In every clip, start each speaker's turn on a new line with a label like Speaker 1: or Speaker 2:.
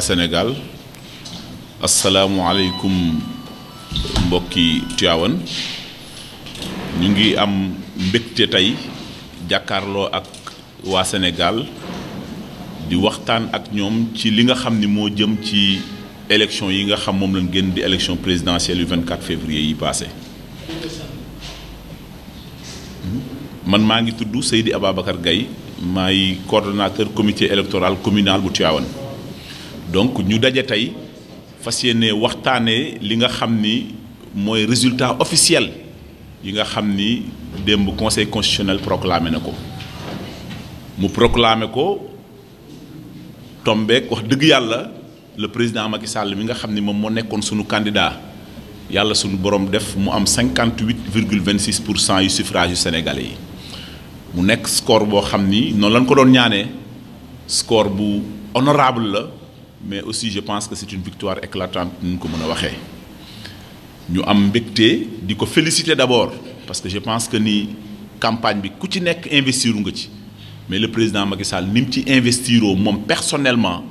Speaker 1: waa Sénégal asalaamualeykum mbokki Tiwaawan ñu ngi am mbégte tey jàkkaarloo ak waa Sénégal di waxtaan ak ñoom ci li nga xam ni moo jëm ci élection yi nga xam moom lañ génn di élection présidentielle yu 24 février yi passé man maa ngi tudd Seydi Ababacar Gaye maay coordonnateur comité électoral communal bu Tiwaawan donc ñu daje tey fas ne waxtaanee li nga xam ni mooy résultat officiel yi nga xam ni démb conseil constitutionnel proclamé na ko mu proclamé ko tombeek wax dëgg yàlla le président Macky Sall mi nga xam ni moom moo nekkoon sunu candidat yàlla sunu borom def mu am 58 virgule 26 pour cent yu suffrage yu sénégalais yi mu nekk score boo xam ni noonu lañ ko doon ñaanee score bu honorable la mais aussi je pense que c'est une victoire éclatante ni ñu ko mën a waxee ñu am mbégte di ko féliciter d'abord parce que je pense que ni campagne bi ku ci nekk investir nga ci mais le président Macky Sall ni mu ci investiroo moom personnellement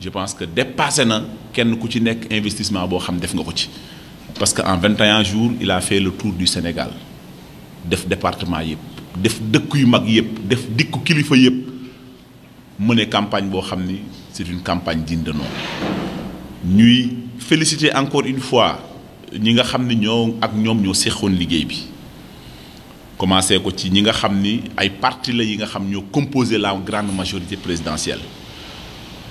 Speaker 1: je pense que dépassé na kenn ku ci nekk investissement boo xam def nga ko ci parce que en 21 jours il a fait le tour du Sénégal def département yëpp def dëkk yu mag yëpp def dikku kilifa yëpp mener campagne boo xam ni c'est une campagne digne de ñuy félicité encore une fois ñi nga xam ni ñoo ak ñoom ñoo seqoon liggéey bi commencé ko ci ñi nga xam ni ay parti la yi nga xam ñoo composé la grande majorité présidentielle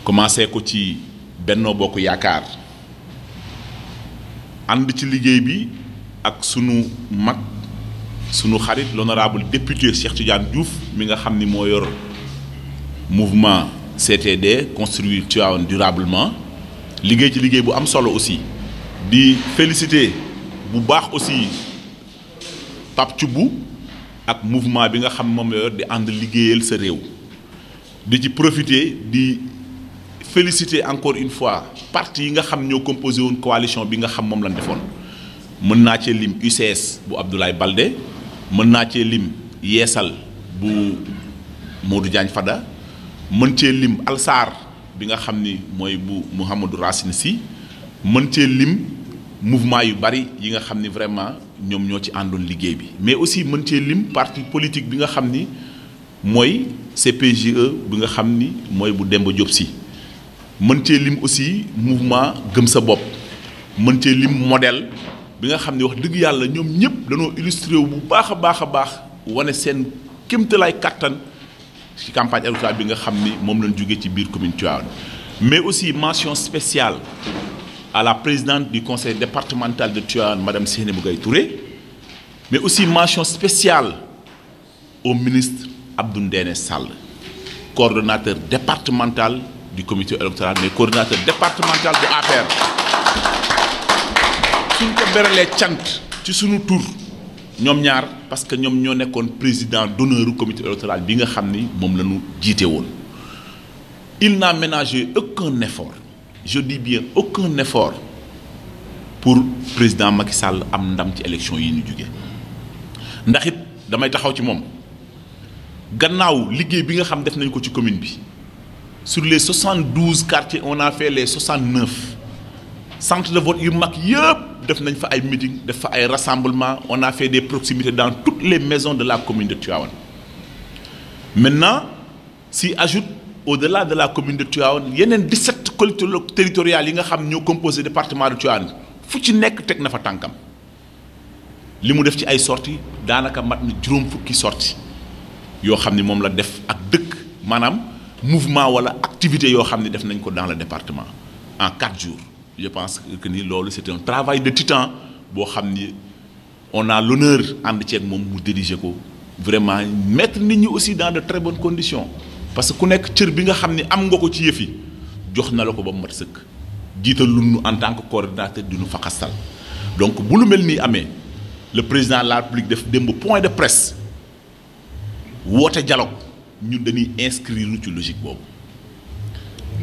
Speaker 1: commencé ko ci Benno Bokk Yaakaar ànd ci liggéey bi ak sunu mag sunu xarit l'honorable député Cheikh Tidiane Diouf mi nga xam ni moo yor mouvement CTD construire Tivaouane durablement liggéey ci liggéey bu am solo aussi di félicité bu baax aussi Pape Thioubou ak mouvement bi nga xam moom la di ànd liggéeyal sa réew di ci profiter di féliciter encore une fois parti yi nga xam ñoo composé woon coalition bi nga xam moom lañ defoon mën naa cee lim UCS bu Abdoulaye balde mën naa cee lim yeesal bu Modou Diagne Fada mën cee lim alsaar bi nga xam ni mooy bu Mouhamadou Racine Sy mën cee lim mouvement yu bari yi nga xam ni vraiment ñoom ñoo ci àndoon liggéey bi mais aussi mën cee lim parti politique bi nga xam ni mooy CPGE bi nga xam ni mooy bu Demba Diop si mën cee lim aussi mouvement gëm sa bopp mën cee lim modèle bi nga xam ni wax dëgg yàlla ñoom ñëpp danoo illustré wu bu baax a baax a baax wane seen kémtalaay kàttan ci campagne électorale bi nga xam ni moom lañ jógee ci biir commune Tivaouane mais aussi mention spéciale à la présidente du conseil départemental de Tivaouane madame Seynabou Gaye Touré mais aussi mention spéciale au ministre Abdou Ndéné Sall coordonnateur départemental du comité électoral mais coordonnateur départemental bu APR suñ ko beralee cant ci sunu tur ñoom ñaar parce que ñoom ñoo nekkoon président d'honneur comité électoral bi nga xam ni moom lañu jiite woon il n'a ménagé aucun effort je dis bien aucun effort pour président Macky Sall am ndam ci élection yi ñu jóge ndax it damay taxaw ci moom gannaaw liggéey bi nga xam def nañ ko ci commune bi sur les soixante douze quartiers on a fait les soixante neuf centres de vote yu mag yëpp. def nañ fa ay meeting def fa ay rassemblement on a fait des proximités dans toutes les maisons de la commune de Tivaouane maintenant s'y ajoute au-delà de la commune de Tivaouane yeneen 17 collectivités territoriales yi nga xam ñoo composé département de Tivaouane fu ci nekk teg na fa tànkam li mu def ci ay sorti daanaka mat na juróom fukki sorti yoo xam ni moom la def ak dëkk maanaam mouvement wala activité yoo xam ne def nañ ko dans le département en quatre jours je pense que ni loolu c'est un travail de titan boo xam ni on naa l'honneur ànd ceeg moom mu diriger ko vraiment mettre nit ñi aussi dans de très bonnes condition parce que ku nekk cër bi nga xam ni am nga ko ci yëfi jox na la ko ba mu mat sëkk jiital lu nu en tant que coordinateur du nu faxastal donc bu lu mel nii amee le président la République def démb point de presse woote dialogue ñun dañuy inscrire ci logique boobu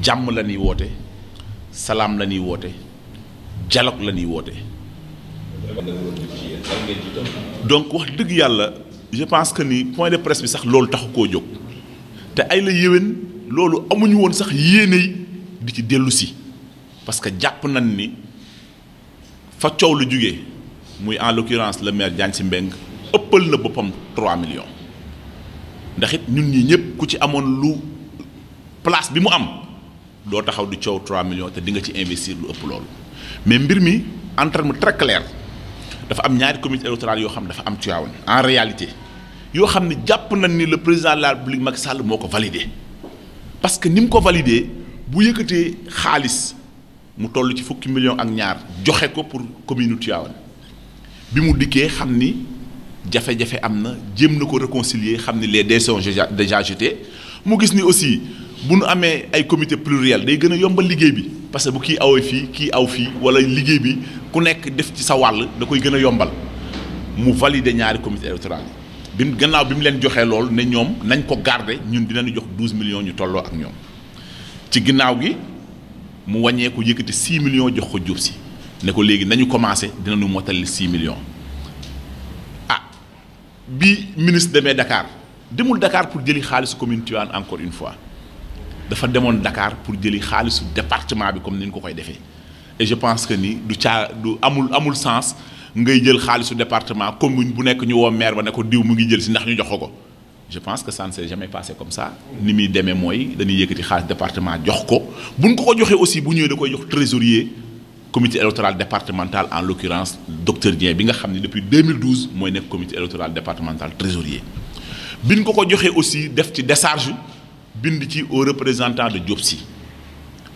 Speaker 1: jàmm la ñuy woote. salaam la woote dialogue la ñuy woote. donc wax dëgg yàlla je pense que ni point de presse bi sax loolu taxu koo jóg te ay la yéwén loolu amuñu woon sax yéene yi di ci dellusi si parce que jàpp nañ ni fa coow lu jugee muy en locurance le maire Diagne si Mbengue ëppal na boppam 3 millions ndax it ñun ñi ñëpp ku ci amoon lu place bi mu am. doo taxaw di coow 3 millions te di nga ci investir lu ëpp loolu mais mbir mi entre mu très clair dafa am ñaari comité électoral yoo xam dafa am Tivaouane en réalité yoo xam ne jàpp nañ ni le président de la République Macky Sall moo ko validé parce que ni mu ko validé bu yëkkatee xaalis mu toll ci fukki millions ak ñaar joxe ko pour commune Tivaouane bi mu dikkee xam ni jafe-jafe am na jéem na ko réconcilier xam ni les dés sont déjà jetés mu gis ni aussi. bu nu amee ay comité pluriel day gën a yombal liggéey bi parce que bu kii awee fii kii aw fii wala liggéey bi ku nekk def ci sa wàll da koy gën a yombal mu valider ñaari comité électoral yi bi bi mu leen joxee loolu ne ñoom nañ ko garder ñun dinañu jox 12 millions ñu tolloo ak ñoom ci ginnaaw gi mu wàññee ko yëkkati 6 jox ko Diop si ne ko léegi nañu commencé dinañu motali 6 millions ah bi ministre demee Dakar demul Dakar pour jëli xaalis commune Tivaouane encore une fois. dafa demoon Dakar pour jëli xaalisu département bi comme ni ñu ko koy defee et je pense que ni du caa du amul amul sens ngay jël xaalisu département commune bu nekk ñu woo maire ba ne ko diw mu ngi jël si ndax ñu jox ko ko je pense que ça ne s'est jamais passé comme ça ni muy demee mooy dañuy yëkkati xaalis département jox ko buñ ko ko joxee aussi bu ñëwee da koy jox trésorier comité électoral départemental en l'occurrence docteur Dieng bi nga xam ne depuis 2012 mooy nekk comité électoral départemental trésorier biñ ko ko joxee aussi def ci décharge bind ci au représentant de Diop Sy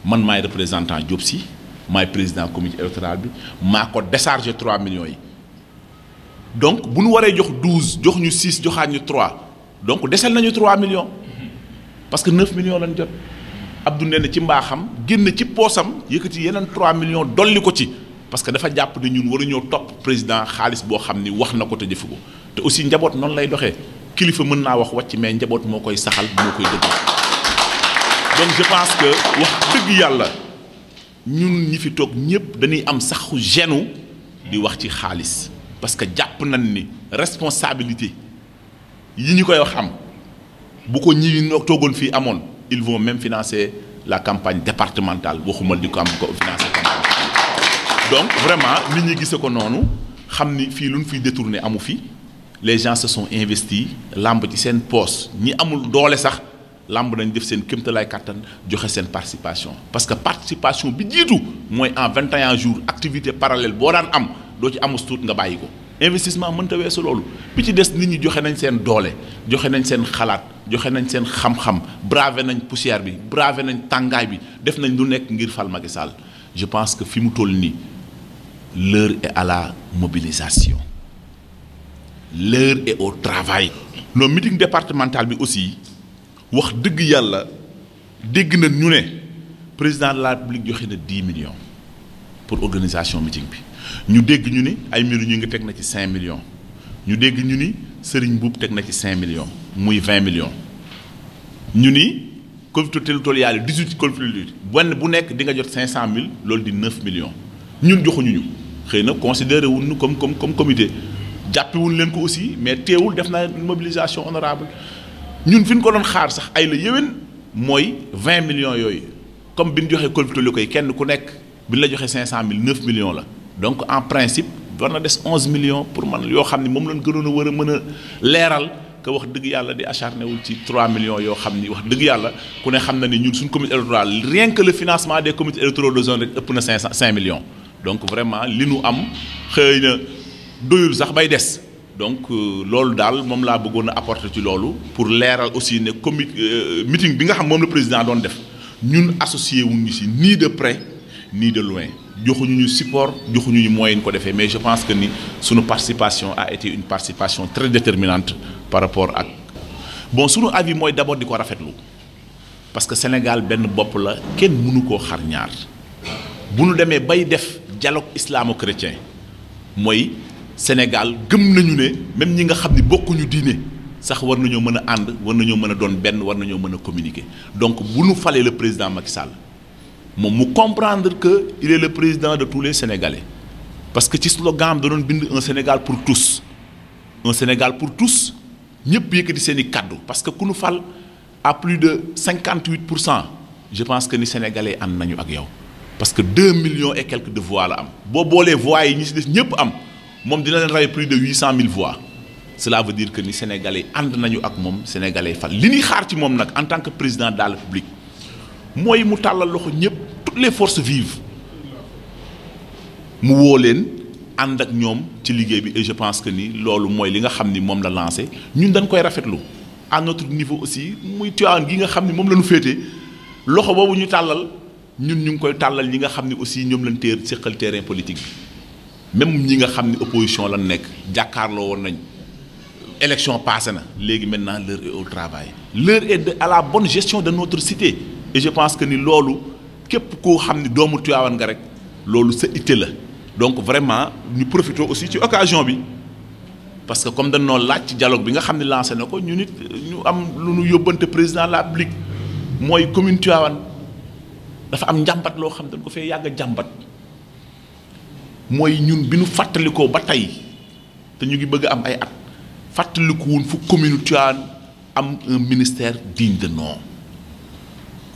Speaker 1: man maay représentant Diop Sy maay président comité électoral bi maa ko déchargé 3 millions yi donc bu ñu waree jox douze jox ñu 6 joxaat ñu 3 donc desal nañu 3 millions parce que 9 millions lañ jot Abdou nee na ci mbaaxam génn ci poosam yëkkati yeneen 3 millions dolli ko ci parce que dafa jàpp ne ñun waruñoo topp président xaalis boo xam ni wax na ko te jëfu ko te aussi njaboot noonu lay doxee. kilifa mën naa wax wàcc mais njaboot moo koy saxal moo koy dëgg donc je pense que wax dëgg yàlla ñun ñi fi toog ñëpp dañuy am saxu genu di wax ci xaalis parce que jàpp nañ ni responsabilité yi ñu koy wax am bu ko ñi toogoon fii amoon il vont même financer la campagne départementale waxumal di ko am ko financer campagne donc vraiment nit ñi gisee ko noonu xam ni fii lu ñu fiy amu fi les gens se sont investis làmb ci seen poos ñi amul doole sax làmb nañ def seen kéemtalaay kàttan joxe seen participation parce que participation bi jiitu mooy en 21 jour activité parallèle boo daan am doo ci amul tuut nga bàyyi ko investissement mënta weesu loolu bi ci des nit ñi joxe nañ seen doole joxe nañ seen xalaat joxe nañ seen xam-xam bravé nañ poussière bi bravé nañ tàngaay bi def nañ lu nekk ngir fal Macky Sall je pense que fi mu toll nii l'heure est à la mobilisation leur est au travail non meeting départemental bi aussi wax dëgg yàlla dégg na ñu ne président de la république joxe na dix million pour organisation meeting bi ñu dégg ñu ni ay miru ñu ngi teg na ci cinq millions ñu dégg ñu ni Serigne Boub teg na ci cinq millions muy vingt millions ñu ni te territoriales yi dix huit collectivités benn bu nekk di nga jot cinq cent mille loolu di neuf millions ñun joxuñu ñu xëy na considéré wuñu comme comme comme comité jàppewul leen ko aussi mais teewul def na mobilisation honorable ñun fi ñu ko doon xaar sax ay la yéwén mooy 20 millions yooyu comme bi ñu joxee colpitali koy kenn ku nekk bi ñu la joxee 500000 9 millions la donc en principe war na des 11 millions pour man yoo xam ne moom lañ gënoon a war a mën a leeral que wax dëgg yàlla di acharné wul ci 3 millions yoo xam ni wax dëgg yàlla ku ne xam na ni ñun suñ comité électoral rien que le financement des comités électoraux de zone rek ëpp na 500 5 vraiment li nu am doyul sax bay des donc euh, loolu daal moom laa bëggoon a apporter ci loolu pour leeral aussi ne comi euh, meeting bi nga xam moom la président doon def ñun associé wu ngi si nii de près nii de loin joxuñu ñu support joxuñu ñu moyen ko defee mais je pense que ni suñu participation a été une participation très déterminante par rapport ak bon suñu yi mooy d'abord di ko rafetlu parce que Sénégal benn bopp la kenn mënu koo xar ñaar bu nu demee bay def dialogue islamo-chrétien mooy Sénégal gëm nañu ne même ñi nga xam ni bokkuñu diine sax war nañoo mën a ànd war nañoo mën a doon benn war nañoo mën a communiquer donc bu nu falee le président Macky Sall moom mu comprendre que il est le président de tous les parce que ci slogan am da bind un Sénégal pour tous un Sénégal pour tous ñëpp yëkkati seen i kaddu parce que ku nu fal à plus de cinquante huit pour cent je pense que ni sénégalais ànd nañu ak yow parce que deux millions et quelques de voix la am boo boolee voix yi ñi si def ñëpp am. moom dina leen rawee plus de huit cent mille voix cela veut dire que ni sénégalais ànd nañu ak moom sénégalais fal li ñuy xaar ci moom nag en tant que président de la mooy mu tàllal loxo ñëpp toutes les forces vives mu woo leen ànd ak ñoom ci liggéey bi et je pense que ni loolu mooy li nga xam ni moom la lancé ñun dañ koy rafetlu à notre niveau aussi muy Tivaouane gi nga xam ni moom la ñu féete loxo boobu ñu tàllal ñun ñu ngi koy tàllal ñi nga xam ni aussi ñoom lañ téer séqal terrain politique bi même ñi nga xam ne opposition la nekk jàkkaarloo woon nañ élection passée na léegi maintenant l'heure est au travail l'heure est de à la bonne gestion de notre cité et je pense que ni loolu képp koo xam ni doomu Tivaouane nga rek loolu sa itte la donc vraiment ñu profité aussi ci occasion bi parce que comme dañoo laaj ci dialogue bi nga xam ne lancé na ko ñu nit ñu am lu ñu yóbbante président de la République mooy commune Tivaouane dafa am njàmbat loo xam dañ ko fee yàgg a jàmbat mooy ñun bi nu fàttalikoo ba tey te ñu ngi bëgg am ay at fàttalikuwun fu commune Tivaouane am ministère digne de nom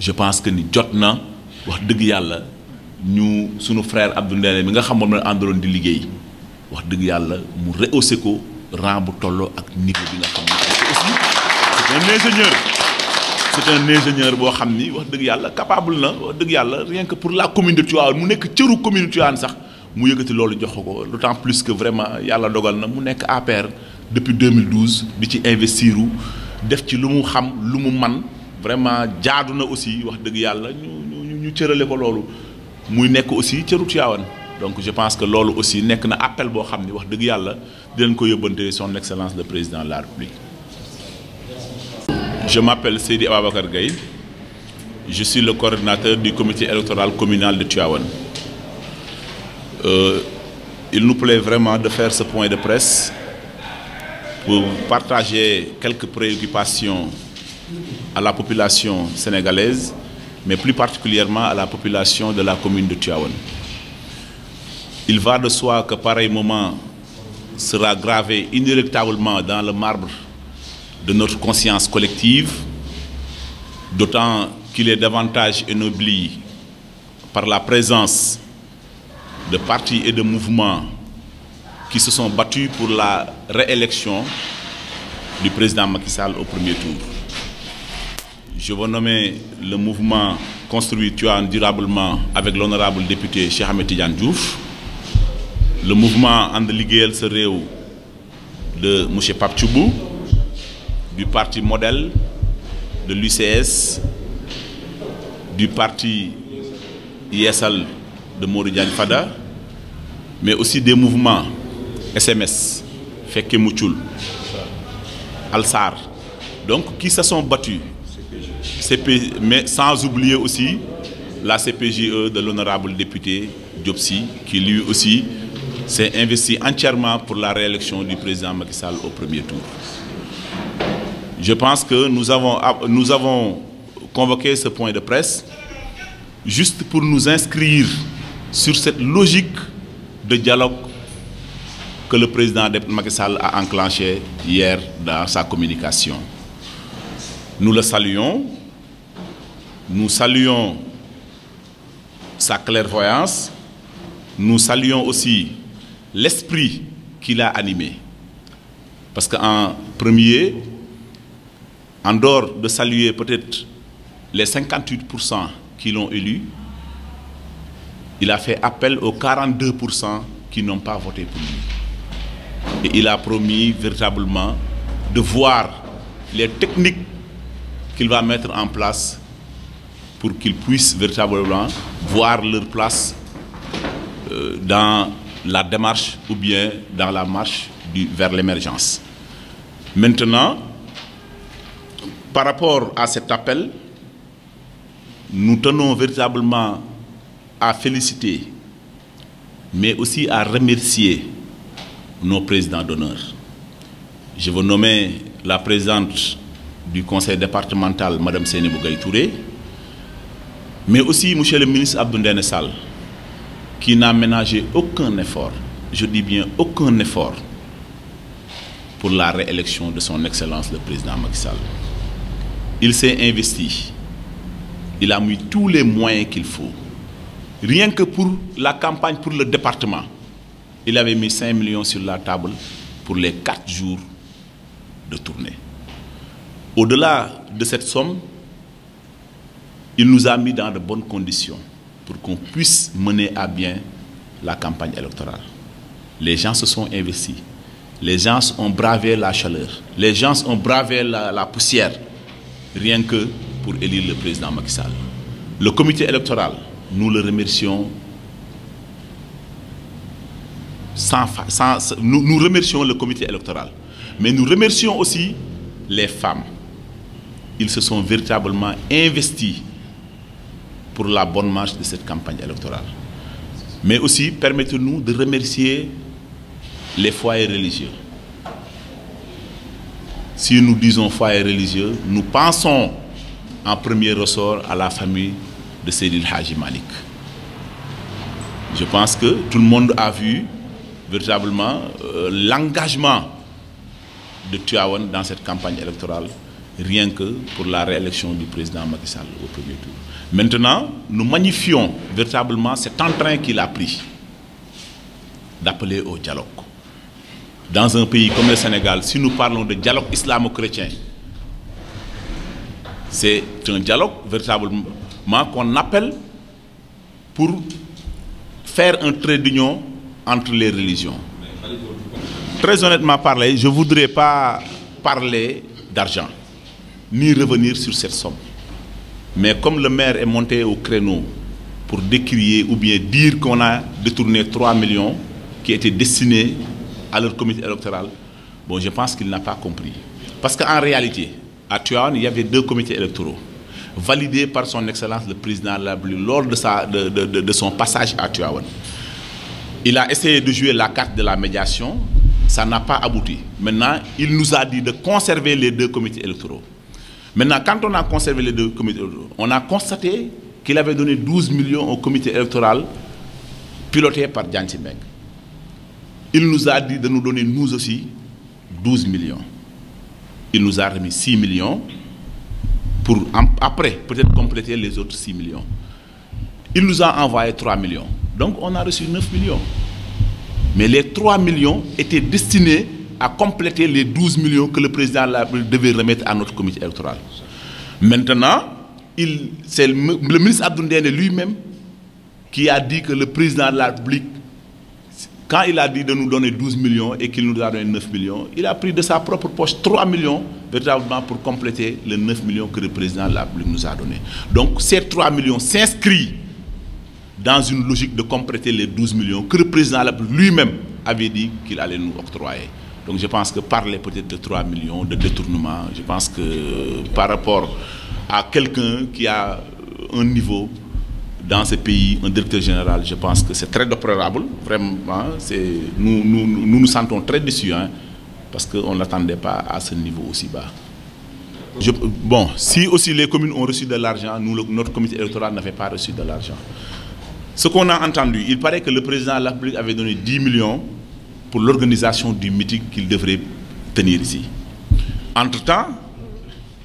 Speaker 1: je pense que ni jot na wax dëgg yàlla ñu sunu frère Abdou Ndéné mi nga xam moom la àndaloon di liggéey wax dëgg yàlla mu rehaussé ko rang bu tolloo ak niveau bi nga xam ne aussi c'est un ingénieur c'est un ingénieur boo xam ni wax dëgg yàlla capable na wax dëgg yàlla rien que pour la commune de mu nekk cëru commune Tivaouane sax mu yëkkati loolu jox ko d'autant plus que vraiment yàlla dogal na mu nekk APR depuis 2012 di ci investir def ci lu mu xam lu mu man vraiment jaadu na aussi wax dëgg yàlla ñu ñu cërale ko loolu muy nekk aussi cëru Tivaouane donc je pense que loolu aussi nekk na appel boo xam ni wax dëgg yàlla dinañ ko yóbbante son excellence le président de la République je m'appelle Seydi Ababacar Gaye je suis le coordinateur du comité électoral communal de Tivaouane Euh, il nous plaît vraiment de faire ce point de presse pour partager quelques préoccupations à la population sénégalaise, mais plus particulièrement à la population de la commune de Tiawan. Il va de soi que pareil moment sera gravé inéluctablement dans le marbre de notre conscience collective, d'autant qu'il est davantage ennobli par la présence de partis et de mouvements qui se sont battus pour la réélection du président Macky Sall au premier tour. Je veux nommer le mouvement Construit Tuan durablement avec l'honorable député Cheikh Ahmed Tidiane Diouf, le mouvement And Liguel Sereo de monsieur Papchoubou, du parti Modèle, de l'UCS, du parti ISL de Modou Diagne Fada mais aussi des mouvements SMS Fekke Muccul Alsar donc qui se sont battus CP mais sans oublier aussi la CPJE de l'honorable député Diop Sy qui lui aussi s'est investi entièrement pour la réélection du président Macky Sall au premier tour je pense que nous avons nous avons convoqué ce point de presse juste pour nous inscrire sur cette logique de dialogue que le président Macky Sall a enclenché hier dans sa communication. Nous le saluons. Nous saluons sa clairvoyance. Nous saluons aussi l'esprit qu'il a animé. Parce qu'en premier, en dehors de saluer peut-être les 58% qui l'ont élu, il a fait appel aux 42 pour cent qui n'ont pas voté pour lui et il a promis véritablement de voir les techniques qu'il va mettre en place pour qu'ils puissent véritablement voir leur place euh, dans la démarche ou bien dans la marche du vers l'émergence. Maintenant, par rapport à cet appel, nous tenons véritablement à féliciter, mais aussi à remercier nos présidents d'honneur. Je veux nommer la présidente du conseil départemental, Mme Sénébou Touré, mais aussi monsieur le ministre Abdoundène Sall, qui n'a ménagé aucun effort, je dis bien aucun effort, pour la réélection de son Excellence le Président Macky Sall. Il s'est investi. Il a mis tous les moyens qu'il faut rien que pour la campagne pour le département il avait mis 5 millions sur la table pour les 4 jours de tournée au-delà de cette somme il nous a mis dans de bonnes conditions pour qu'on puisse mener à bien la campagne électorale les gens se sont investis les gens ont bravé la chaleur les gens ont bravé la, la poussière rien que pour élire le président Macky Sall le comité électoral nous le remercions sans, sans nous, nous remercions le comité électoral, mais nous remercions aussi les femmes. Ils se sont véritablement investis pour la bonne marche de cette campagne électorale. Mais aussi, permettez-nous de remercier les foyers religieux. Si nous disons foyers religieux, nous pensons en premier ressort à la famille de Seydil Hadji Malik. Je pense que tout le monde a vu véritablement euh, l'engagement de Tuawan dans cette campagne électorale, rien que pour la réélection du président Macky Sall au premier tour. Maintenant, nous magnifions véritablement cet entrain qu'il a pris d'appeler au dialogue. Dans un pays comme le Sénégal, si nous parlons de dialogue islamo-chrétien, c'est un dialogue véritablement qu'on appelle pour faire un trait d'union entre les religions. Très honnêtement parlé, je ne voudrais pas parler d'argent, ni revenir sur cette somme. Mais comme le maire est monté au créneau pour décrier ou bien dire qu'on a détourné trois millions qui étaient destinés à leur comité électoral, je pense qu'il n'a pas compris. Parce qu'en réalité, à Tuan, il y avait deux comités électoraux. validé par son excellence le président de la République lors de, sa, de, de, de, son passage à Tuawan. Il a essayé de jouer la carte de la médiation, ça n'a pas abouti. Maintenant, il nous a dit de conserver les deux comités électoraux. Maintenant, quand on a conservé les deux comités électoraux, on a constaté qu'il avait donné 12 millions au comité électoral piloté par Djantimeng. Il nous a dit de nous donner, nous aussi, 12 millions. Il nous a remis millions pour en, après peut-être compléter les autres 6 millions. Il nous a envoyé 3 millions. Donc on a reçu 9 millions. Mais les 3 millions étaient destinés à compléter les 12 millions que le président de la République devait remettre à notre comité électoral. Maintenant, il, c'est le, le ministre Abdoundéne lui-même qui a dit que le président de la République Quand il a dit de nous donner 12 millions et qu'il nous a donné 9 millions, il a pris de sa propre poche 3 millions véritablement pour compléter les 9 millions que le la République nous a donné. Donc ces 3 millions s'inscrivent dans une logique de compléter les 12 millions que le président de la République lui-même avait dit qu'il allait nous octroyer. Donc je pense que parler peut-être de 3 millions de détournement, je pense que par rapport à quelqu'un qui un niveau dans ce pays un directeur général, je pense que c'est très déplorable. Vraiment, nous, nous, nous, nous sentons très déçus hein, parce qu'on n'attendait pas à ce niveau aussi bas. bon, si aussi les communes ont reçu de l'argent, nous, notre comité électoral n'avait pas reçu de l'argent. Ce qu'on a entendu, il paraît que le président de la République avait donné 10 millions pour l'organisation du meeting qu'il devrait tenir ici. Entre-temps,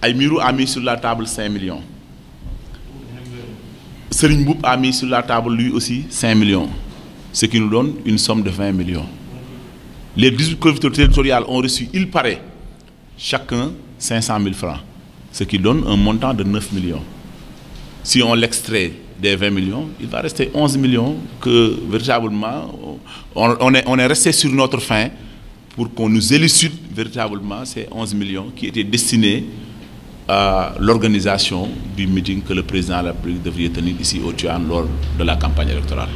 Speaker 1: Aïmirou a mis sur la table 5 millions. Serigne Mboup a mis sur la table lui aussi 5 millions, ce qui nous donne une somme de 20 millions. Les 18 collectivités territoriales ont reçu, il paraît, chacun 500 000 francs, ce qui donne un montant de 9 millions. Si on l'extrait des 20 millions, il va rester 11 millions que véritablement, on, on est, on est resté sur notre fin pour qu'on nous élucide véritablement ces 11 millions qui étaient destinés à euh, l'organisation du meeting que le président de la République devrait tenir au Tuan lors la campagne électorale.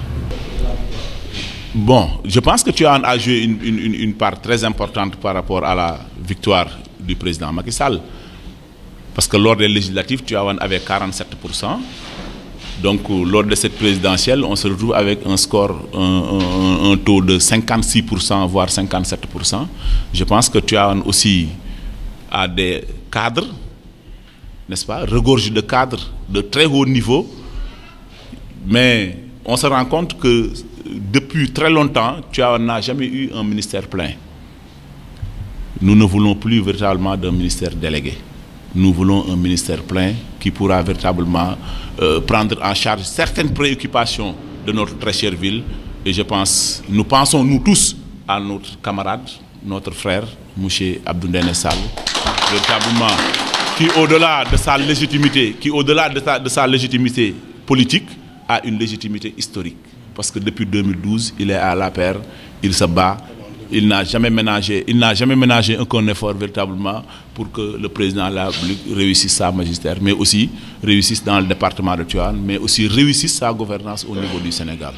Speaker 1: Bon, je pense que Tuan a joué une, une, une, part très importante par rapport à la victoire président Macky Sall. Parce que lors des législatives, Tuan avait 47%. Donc, euh, lors de cette présidentielle, on se retrouve avec un score, un, un, un taux de 56%, voire 57%. Je pense que Tuan aussi a des cadres n'est-ce pas regorge de cadre de très haut niveau mais on se rend compte que depuis très longtemps Tivaouane n'a jamais eu un ministère plein nous ne voulons plus véritablement d'un ministère délégué nous voulons un ministère plein qui pourra véritablement euh, prendre en charge certaines préoccupations de notre très chère ville et je pense nous pensons nous tous à notre camarade notre frère monsieur Abdou Ndéné véritablement qui, au-delà de sa légitimité, de sa, de sa légitimité politique, a une légitimité historique. Parce que depuis 2012, il est à la paire, il se bat, il n'a jamais ménagé, il n'a jamais ménagé aucun véritablement pour que le président de la République réussisse sa magistère, mais aussi réussisse dans le département de Tuan, mais aussi réussisse sa gouvernance au niveau du Sénégal.